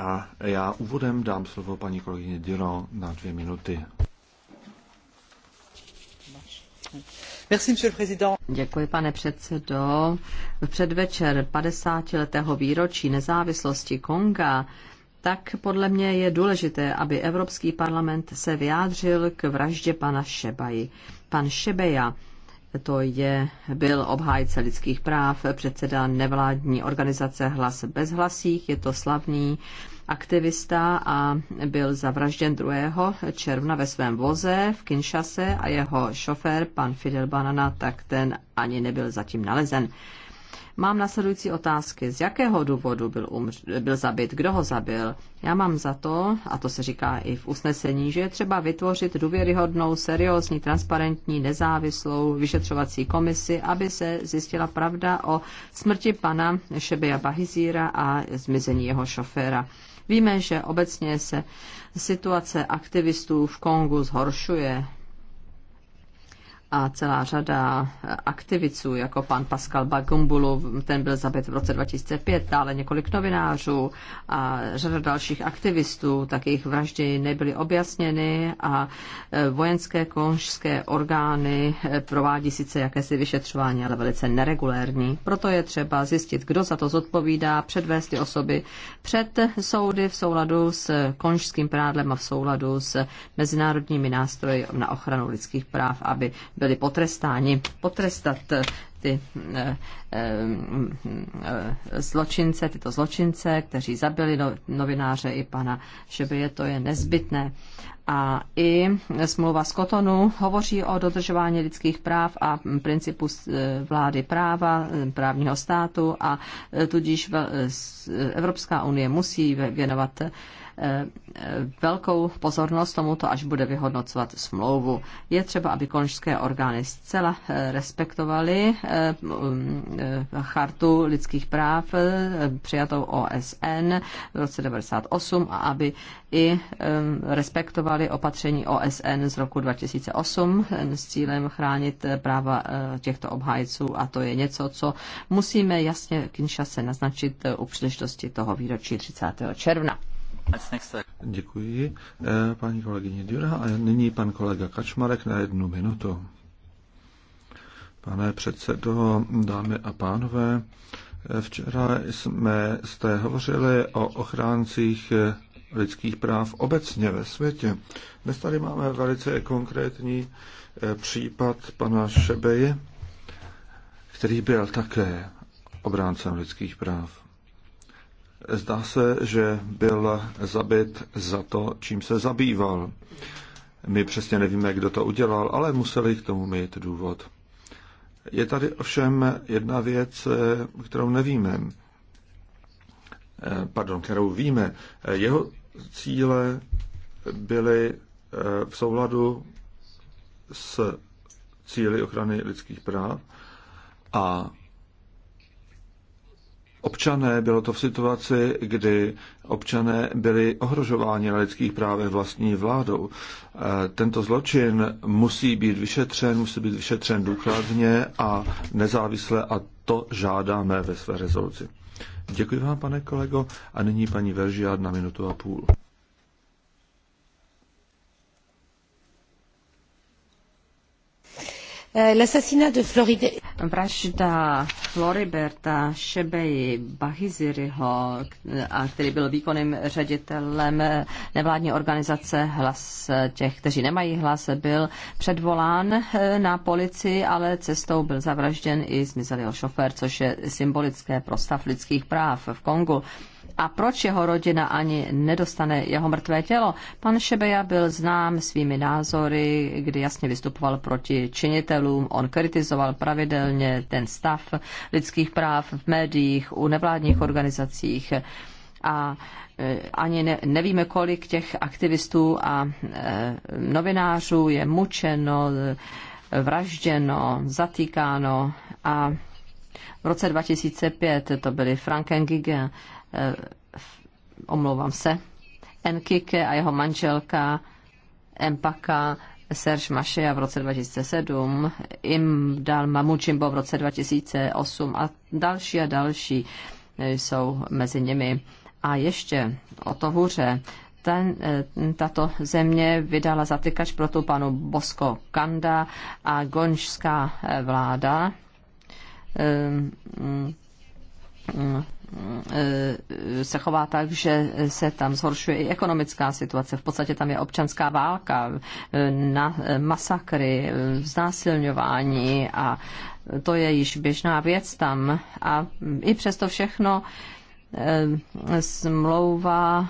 A já úvodem dám slovo paní kolegyně Dino na dvě minuty. Děkuji, pane předsedo. V předvečer 50. letého výročí nezávislosti Konga tak podle mě je důležité, aby Evropský parlament se vyjádřil k vraždě pana Šebaji. Pan Šebeja to je, byl obhájce lidských práv, předseda nevládní organizace Hlas bez hlasích, je to slavný aktivista a byl zavražděn 2. června ve svém voze v Kinshase a jeho šofér, pan Fidel Banana, tak ten ani nebyl zatím nalezen. Mám nasledující otázky. Z jakého důvodu byl, umř- byl zabit? Kdo ho zabil? Já mám za to, a to se říká i v usnesení, že je třeba vytvořit důvěryhodnou, seriózní, transparentní, nezávislou vyšetřovací komisi, aby se zjistila pravda o smrti pana Šebeja Bahizíra a zmizení jeho šoféra. Víme, že obecně se situace aktivistů v Kongu zhoršuje a celá řada aktivistů, jako pan Pascal Bagumbulu, ten byl zabit v roce 2005, dále několik novinářů a řada dalších aktivistů, tak jejich vraždy nebyly objasněny a e, vojenské konžské orgány e, provádí sice jakési vyšetřování, ale velice neregulérní. Proto je třeba zjistit, kdo za to zodpovídá, předvést ty osoby před soudy v souladu s konžským prádlem a v souladu s mezinárodními nástroji na ochranu lidských práv, aby byli potrestáni, potrestat ty eh, eh, eh, zločince, tyto zločince, kteří zabili no, novináře i pana je to je nezbytné. A i smlouva z Kotonu hovoří o dodržování lidských práv a principu vlády práva, právního státu a tudíž Evropská unie musí věnovat velkou pozornost tomuto, až bude vyhodnocovat smlouvu. Je třeba, aby konžské orgány zcela respektovaly Eh, chartu lidských práv eh, přijatou OSN v roce 98 a aby i eh, respektovali opatření OSN z roku 2008 s cílem chránit práva těchto obhájců a to je něco, co musíme jasně Kinshase naznačit u příležitosti toho výročí 30. června. Děkuji paní kolegyně Dura a nyní pan kolega Kačmarek na jednu minutu. Pane předsedo, dámy a pánové, včera jsme jste hovořili o ochráncích lidských práv obecně ve světě. Dnes tady máme velice konkrétní eh, případ pana Šebeje, který byl také obráncem lidských práv. Zdá se, že byl zabit za to, čím se zabýval. My přesně nevíme, kdo to udělal, ale museli k tomu mít důvod. Je tady ovšem jedna věc, eh, kterou nevíme, eh, pardon, kterou víme. Eh, jeho cíle byly v souladu s cíly ochrany lidských práv a občané, bylo to v situaci, kdy občané byli ohrožováni na lidských právech vlastní vládou. E, tento zločin musí být vyšetřen, musí být vyšetřen důkladně a nezávisle a to žádáme ve své rezoluci. Děkuji vám, pane kolego, a nyní paní Veržiad na minutu a půl. Eh, l'assassinat de Floride... Vražda Floriberta Šebeji Bahiziriho, eh, a který byl výkonným ředitelem eh, nevládní organizace Hlas těch, kteří nemají hlas, byl předvolán na policii, ale cestou byl zavražděn i zmizel jeho šofér, což je symbolické pro stav lidských práv v Kongu. A proč jeho rodina ani nedostane jeho mrtvé tělo? Pan Šebeja byl znám svými názory, kdy jasně vystupoval proti činitelům. On kritizoval pravidelně ten stav lidských práv v médiích, u nevládních organizacích a e, ani ne, nevíme, kolik těch aktivistů a e, novinářů je mučeno, vražděno, zatýkáno a v roce 2005 to byli Franken Giga, Eh, omlouvám se, Enkike a jeho manželka Empaka Serge Mašeja v roce 2007, Imdal Mamučimbo v roce 2008 a další a další eh, jsou mezi nimi. A ještě o to hůře, ten, eh, tato země vydala zatykač tu panu Bosko Kanda a gonžská vláda mm, mm, Eh, se chová tak, že se tam zhoršuje i ekonomická situace. V podstatě tam je občanská válka, eh, na, eh, masakry, znásilňování a to je již běžná věc tam. A i přesto všechno smlouva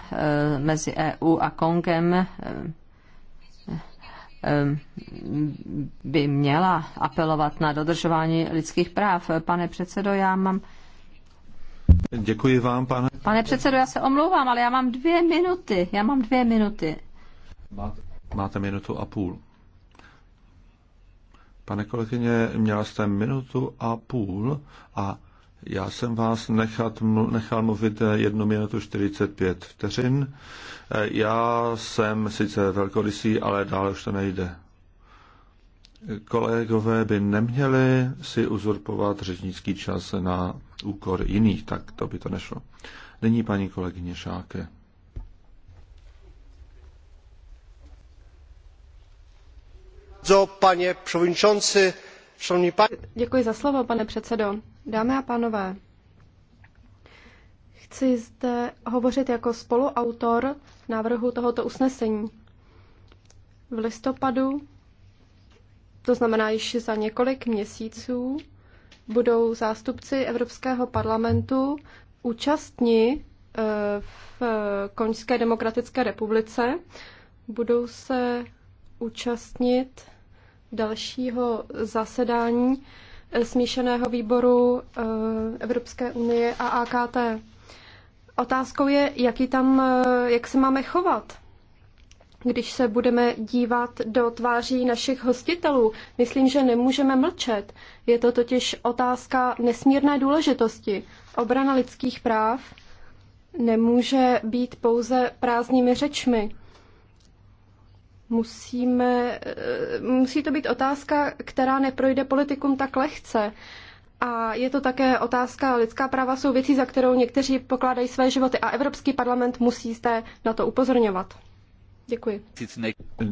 mezi EU a Kongem by měla apelovat na dodržování lidských práv. Pane předsedo, já mám Děkuji vám, pane. Pane předsedo, já se omlouvám, ale já mám dvě minuty. Já mám dvě minuty. Máte, máte minutu a půl. Pane kolegyně, měla jste minutu a půl a já jsem vás nechat, nechal mluvit 1 minutu 45 vteřin. Já jsem sice velkorysý, ale dále už to nejde kolegové by neměli si uzurpovat řečnický čas na úkor jiných, tak to by to nešlo. Nyní paní kolegyně Šáke. Pane předsedající, Děkuji za slovo, pane předsedo. Dámy a pánové, chci zde hovořit jako spoluautor návrhu tohoto usnesení. V listopadu to znamená již za několik měsíců, budou zástupci Evropského parlamentu účastní e, v Koňské demokratické republice. Budou se účastnit dalšího zasedání e, smíšeného výboru e, Evropské unie a AKT. Otázkou je, jaký tam, jak se máme chovat když se budeme dívat do tváří našich hostitelů. Myslím, že nemůžeme mlčet. Je to totiž otázka nesmírné důležitosti. Obrana lidských práv nemůže být pouze prázdnými řečmi. Musíme, eh, musí to být otázka, která neprojde politikum tak lehce. A je to také otázka lidská práva jsou věcí, za kterou někteří pokládají své životy a Evropský parlament musí zde na to upozorňovat. Děkuji.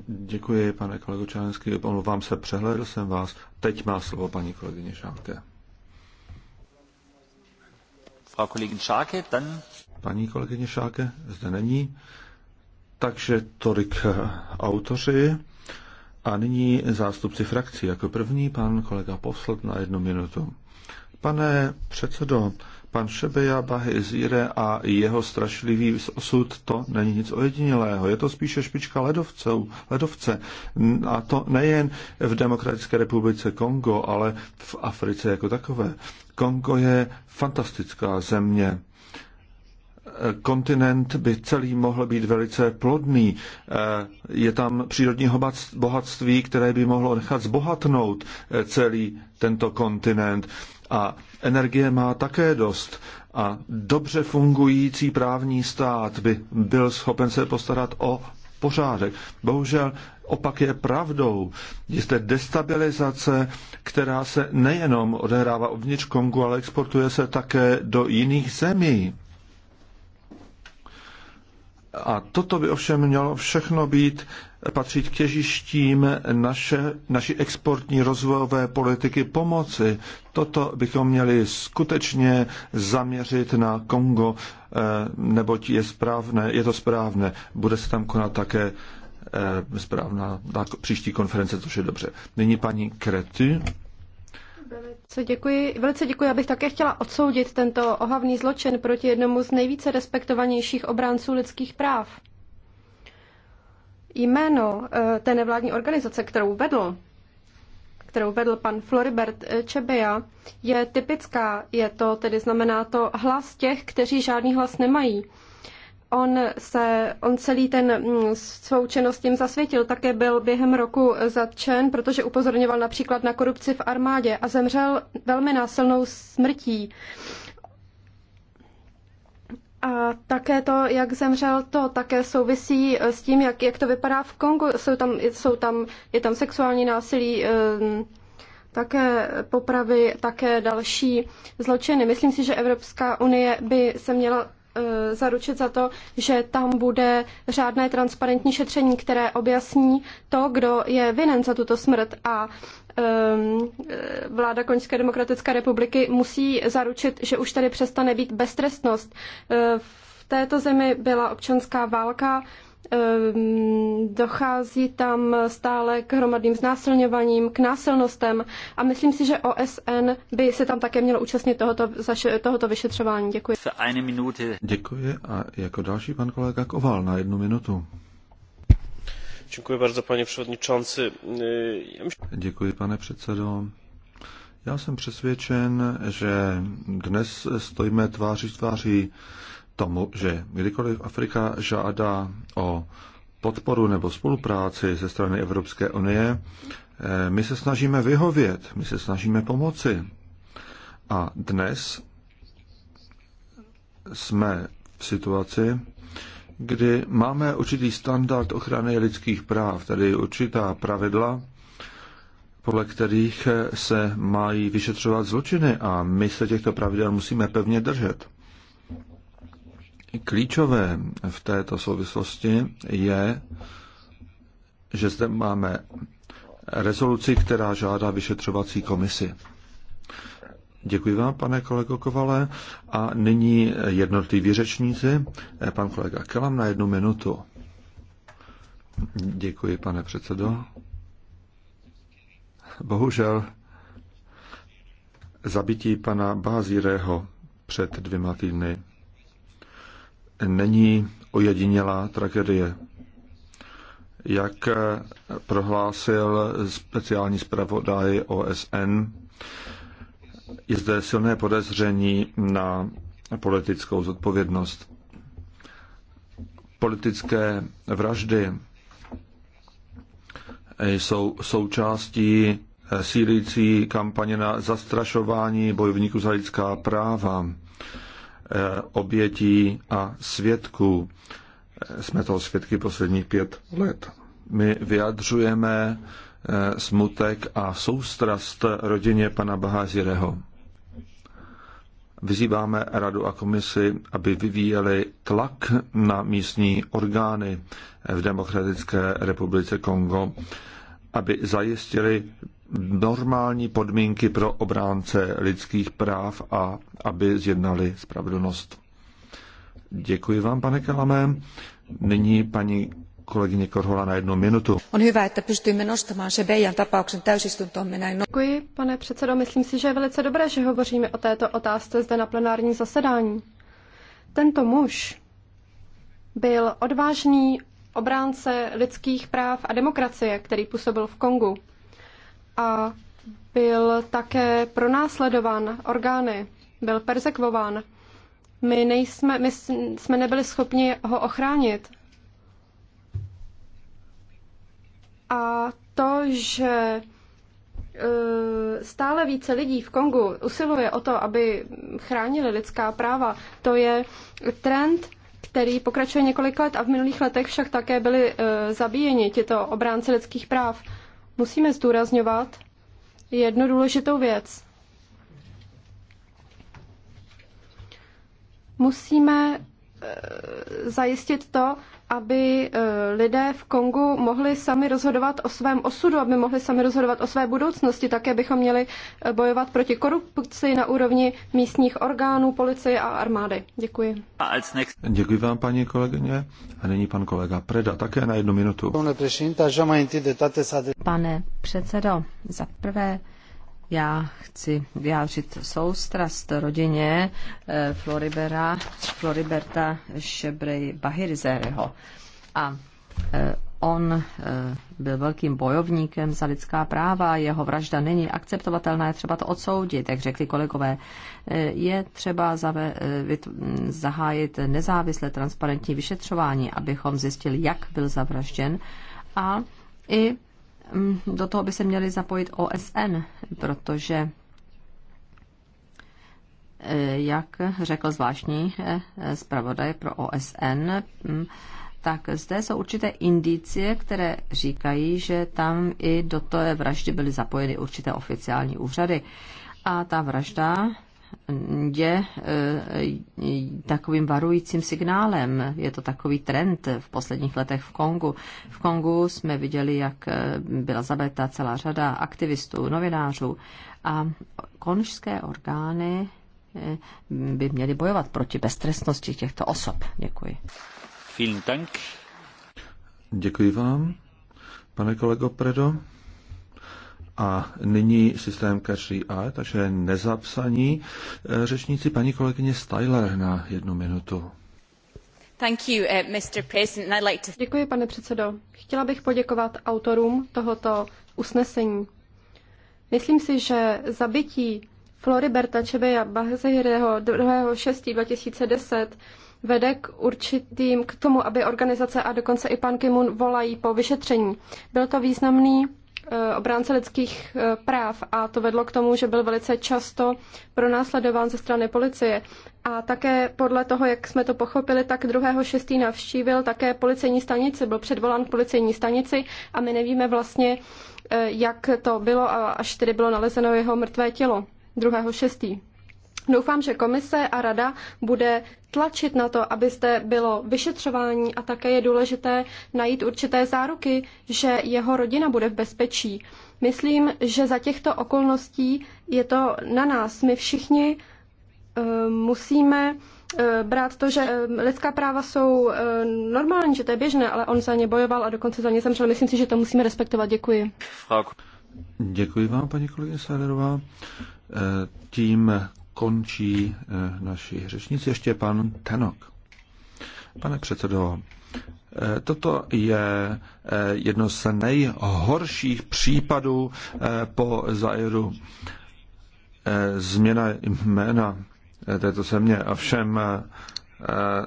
Děkuji, pane kolego Čelenský. Omlouvám se, přehlédl jsem vás. Teď má slovo paní kolegyně Šáke. Paní kolegyně Šáke zde není. Takže tolik eh, autoři. A nyní zástupci frakcí. Jako první pan kolega Posled na jednu minutu. Pane předsedo, Pan Šebeja Bahizire a jeho strašlivý osud, to není nic ojedinělého. Je to spíše špička ledovců, ledovce. A to nejen v Demokratické republice Kongo, ale v Africe jako takové. Kongo je fantastická země kontinent by celý mohl být velice plodný. Eh, je tam přírodní bohatství, které by mohlo nechat zbohatnout eh, celý tento kontinent. A energie má také dost. A dobře fungující právní stát by byl schopen se postarat o pořádek. Bohužel opak je pravdou. Je zde destabilizace, která se nejenom odehrává uvnitř Kongu, ale exportuje se také do jiných zemí. A toto by ovšem mělo všechno být Patřit k těžištím naše, naší exportní rozvojové politiky pomoci. Toto bychom měli skutečně zaměřit na Kongo, eh, neboť je, správné, je to správné. Bude se tam konat také eh, správná na příští konference, což je dobře. Nyní paní Krety. Velice děkuji. Velice děkuji. Abych také chtěla odsoudit tento ohavný zločin proti jednomu z nejvíce respektovanějších obránců lidských práv jméno eh, té nevládní organizace, kterou vedl, kterou vedl pan Floribert eh, Čebeja, je typická. Je to, tedy znamená to hlas těch, kteří žádný hlas nemají. On, se, on celý ten mm, svou činnost tím zasvětil, také byl během roku zatčen, protože upozorňoval například na korupci v armádě a zemřel velmi násilnou smrtí. A také to, jak zemřel, to také souvisí eh, s tím, jak, jak to vypadá v Kongu. Jsou tam, jsou tam, je tam sexuální násilí, ehm, také popravy, také další zločiny. Myslím si, že Evropská unie by se měla eh, zaručit za to, že tam bude řádné transparentní šetření, které objasní to, kdo je vinen za tuto smrt a Ehm, vláda Koňské demokratické republiky musí zaručit, že už tady přestane být beztrestnost. Ehm, v této zemi byla občanská válka, ehm, dochází tam stále k hromadným znásilňováním, k násilnostem a myslím si, že OSN by se tam také mělo účastnit tohoto, tohoto vyšetřování. Děkuji. Děkuji a jako další pan kolega Koval na jednu minutu. Děkuji pane předsedající. předsedo. Já jsem přesvědčen, že dnes stojíme tváří v tváří tomu, že kdykoliv Afrika žádá o podporu nebo spolupráci ze strany Evropské unie, e, my se snažíme vyhovět, my se snažíme pomoci. A dnes jsme v situaci, kdy máme určitý standard ochrany lidských práv, tedy určitá pravidla, podle kterých se mají vyšetřovat zločiny a my se těchto pravidel musíme pevně držet. Klíčové v této souvislosti je, že zde máme rezoluci, která žádá vyšetřovací komisi. Děkuji vám, pane kolego Kovale. A nyní jednotliví řečníci. Pan kolega Kelam na jednu minutu. Děkuji, pane předsedo. Bohužel zabití pana Bázíreho před dvěma týdny není ojedinělá tragédie. Jak prohlásil speciální zpravodaj OSN, je zde silné podezření na politickou zodpovědnost. Politické vraždy jsou součástí sílící kampaně na zastrašování bojovníků za lidská práva, obětí a svědků. Jsme toho svědky posledních pět let. My vyjadřujeme Eh, smutek a soustrast rodině pana Bahazireho. Vyzýváme radu a komisi, aby vyvíjeli tlak na místní orgány v Demokratické republice Kongo, aby zajistili normální podmínky pro obránce lidských práv a aby zjednali spravedlnost. Děkuji vám, pane Kalamé. Nyní paní kolegyně Korhola na jednu minutu. On hyvä, että pystymme nostamaan se Beijan tapauksen täysistuntomme no- Děkuji, pane předsedo. Myslím si, že je velice dobré, že hovoříme o této otázce zde na plenárním zasedání. Tento muž byl odvážný obránce lidských práv a demokracie, který působil v Kongu. A byl také pronásledován orgány, byl persekvován. My, nejsme, my jsme nebyli schopni ho ochránit. a to, že e, stále více lidí v Kongu usiluje o to, aby chránili lidská práva, to je trend, který pokračuje několik let a v minulých letech však také byly e, zabíjeni tito obránci lidských práv. Musíme zdůrazňovat jednu důležitou věc. Musíme Eh, zajistit to, aby eh, lidé v Kongu mohli sami rozhodovat o svém osudu, aby mohli sami rozhodovat o své budoucnosti. Také bychom měli eh, bojovat proti korupci na úrovni místních orgánů, policie a armády. Děkuji. Děkuji vám, paní kolegyně. A nyní pan kolega Preda, také na jednu minutu. Pane předsedo, za prvé já chci vyjádřit soustrast rodině eh, Floribera, Floriberta Šebrej Bahirzereho. A eh, on eh, byl velkým bojovníkem za lidská práva, jeho vražda není akceptovatelná, je třeba to odsoudit, jak řekli kolegové. Je třeba zahájit nezávislé transparentní vyšetřování, abychom zjistili, jak byl zavražděn a i Mm, do toho by se měli zapojit OSN, protože eh, jak řekl zvláštní eh, zpravodaj pro OSN, mm, tak zde jsou určité indicie, které říkají, že tam i do té vraždy byly zapojeny určité oficiální úřady. A ta vražda je eh, takovým varujícím signálem. Je to takový trend v posledních letech v Kongu. V Kongu jsme viděli, jak eh, byla zabeta celá řada aktivistů, novinářů a konžské orgány eh, by měly bojovat proti beztrestnosti těchto osob. Děkuji. Vielen Dank. Děkuji vám, pane kolego Predo a nyní systém Catch A, takže nezapsaní e, řečníci paní kolegyně Styler na jednu minutu. Thank You, uh, Mr. President. I'd Like to... Děkuji, pane předsedo. Chtěla bych poděkovat autorům tohoto usnesení. Myslím si, že zabití Floriberta Čebeja Bahzehirého 2.6.2010 vede k určitým, k tomu, aby organizace a dokonce i pan Kimun volají po vyšetření. Byl to významný Eh, obránce lidských eh, práv a to vedlo k tomu, že byl velice často pronásledován ze strany policie. A také podle toho, jak jsme to pochopili, tak 2.6. navštívil také policejní stanici, byl předvolán k policejní stanici a my nevíme vlastně, eh, jak to bylo a až tedy bylo nalezeno jeho mrtvé tělo 2.6. Doufám, že komise a rada bude tlačit na to, abyste bylo vyšetřování a také je důležité najít určité záruky, že jeho rodina bude v bezpečí. Myslím, že za těchto okolností je to na nás. My všichni eh, musíme eh, brát to, že eh, lidská práva jsou normální, že to je běžné, ale on za ně bojoval a dokonce za ně zemřel. Myslím si, že to musíme respektovat. Děkuji. Děkuji vám, paní kolegyně Sálerová. Tím končí eh, naši řečníci. Ještě pan Tenok. Pane předsedo, eh, Toto je eh, jedno z nejhorších případů po zajedu Změna jména této země ovšem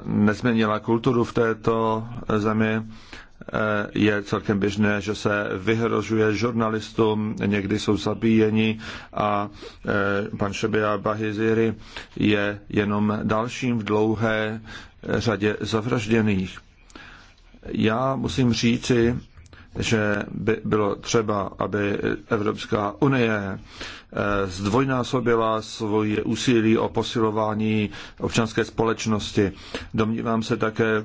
nezměnila kulturu v této zemi Eh, je celkem běžné, že se vyhrožuje žurnalistům, někdy jsou zabíjeni a eh, pan Šebia Bahiziri je jenom dalším v dlouhé eh, řadě zavražděných. Já musím říci, že by bylo třeba, aby Evropská unie zdvojnásobila svoje úsilí o posilování občanské společnosti. Domnívám se také,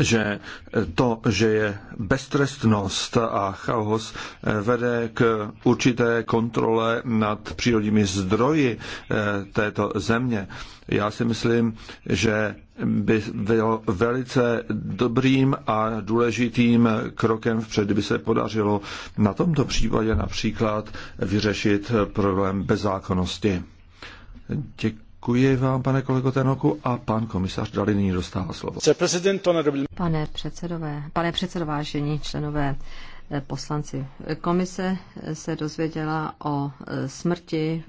že to, že je beztrestnost a chaos eh, vede k určité kontrole nad přírodními zdroji eh, této země. Já si myslím, že by bylo velice dobrým a důležitým krokem vpřed, kdyby se podařilo na tomto případě například vyřešit problém bezzákonnosti. Děkuji. Děkuji vám, pane kolego Tenoku, a pan komisař Dali nyní dostává slovo. Pane předsedové, pane předsedo, vážení členové eh, poslanci. Komise se dozvěděla o eh, smrti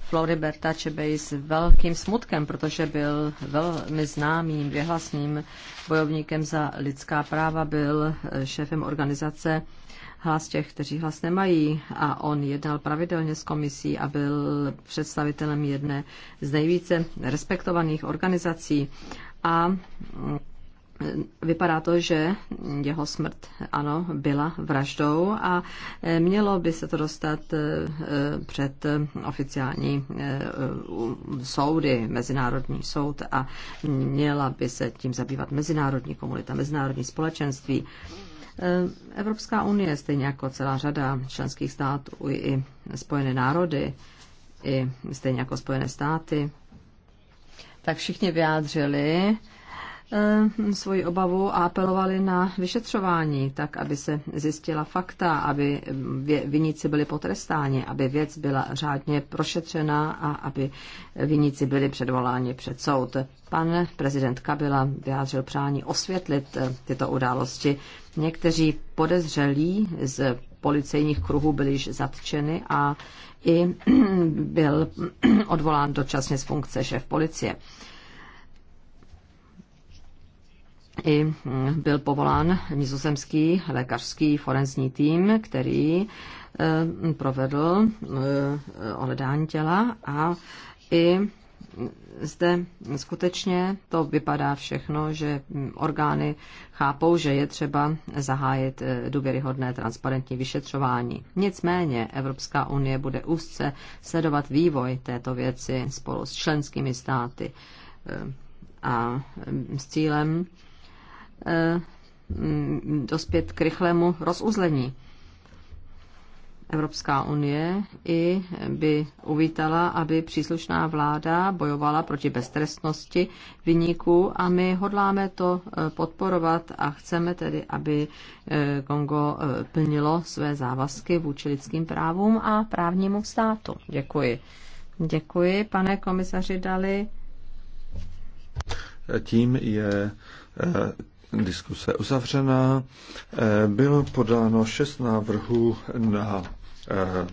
Floriberta Čebej s velkým smutkem, protože byl velmi známým, věhlasným bojovníkem za lidská práva, byl eh, šéfem organizace hlas těch, kteří hlas nemají a on jednal pravidelně s komisí a byl představitelem jedné z nejvíce respektovaných organizací a mm, Vypadá to, že jeho smrt, ano, byla vraždou a e, mělo by se to dostat e, e, před oficiální soudy, Mezinárodní soud a měla by se tím zabývat mezinárodní komunita, mezinárodní společenství. Eh, Evropská unie, stejně jako celá řada členských států i Spojené národy, i stejně jako Spojené státy, tak všichni vyjádřili Eh, svoji obavu a apelovali na vyšetřování, tak aby se zjistila fakta, aby viníci byli potrestáni, aby věc byla řádně prošetřena a aby viníci byli předvoláni před soud. Pan prezident Kabila vyjádřil přání osvětlit eh, tyto události. Někteří podezřelí z policejních kruhů byli již zatčeny a i byl odvolán dočasně z funkce šéf policie i byl povolán nizozemský lékařský forenzní tým, který eh, provedl eh, ohledání těla a i zde skutečně to vypadá všechno, že orgány chápou, že je třeba zahájit eh, důvěryhodné transparentní vyšetřování. Nicméně Evropská unie bude úzce sledovat vývoj této věci spolu s členskými státy a s cílem Eh, mm, dospět k rychlému rozuzlení. Evropská unie i by uvítala, aby příslušná vláda bojovala proti beztrestnosti vyníků a my hodláme to eh, podporovat a chceme tedy, aby eh, Kongo plnilo své závazky vůči lidským právům a právnímu státu. Děkuji. Děkuji, pane komisaři Dali. Tím je diskuse uzavřená. Eh, bylo podáno šest návrhů na eh,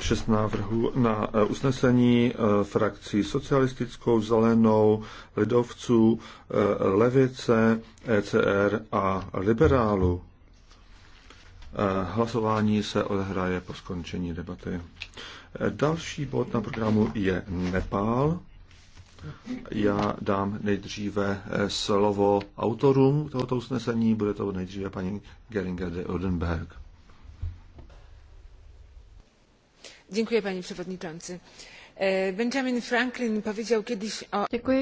šest návrhů na eh, usnesení frakcí socialistickou, zelenou, lidovců, levice, ECR a liberálu. Hlasování se odehraje po skončení debaty. Další bod na programu je Nepál. Já dám nejdříve eh, slovo autorům tohoto usnesení, bude to nejdříve paní Geringer de Odenberg. Děkuji, paní předsedající. Eh, Benjamin Franklin powiedział když. o... Děkuji.